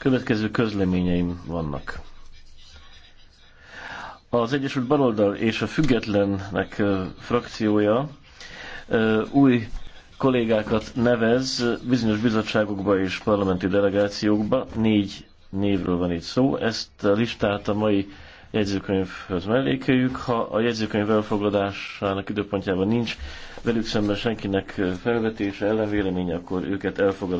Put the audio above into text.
Következő közleményeim vannak. Az Egyesült Baloldal és a Függetlennek frakciója új kollégákat nevez bizonyos bizottságokba és parlamenti delegációkba. Négy névről van itt szó. Ezt a listát a mai jegyzőkönyvhöz mellékeljük. Ha a jegyzőkönyv elfogadásának időpontjában nincs velük szemben senkinek felvetése, ellenvéleménye, akkor őket elfogadott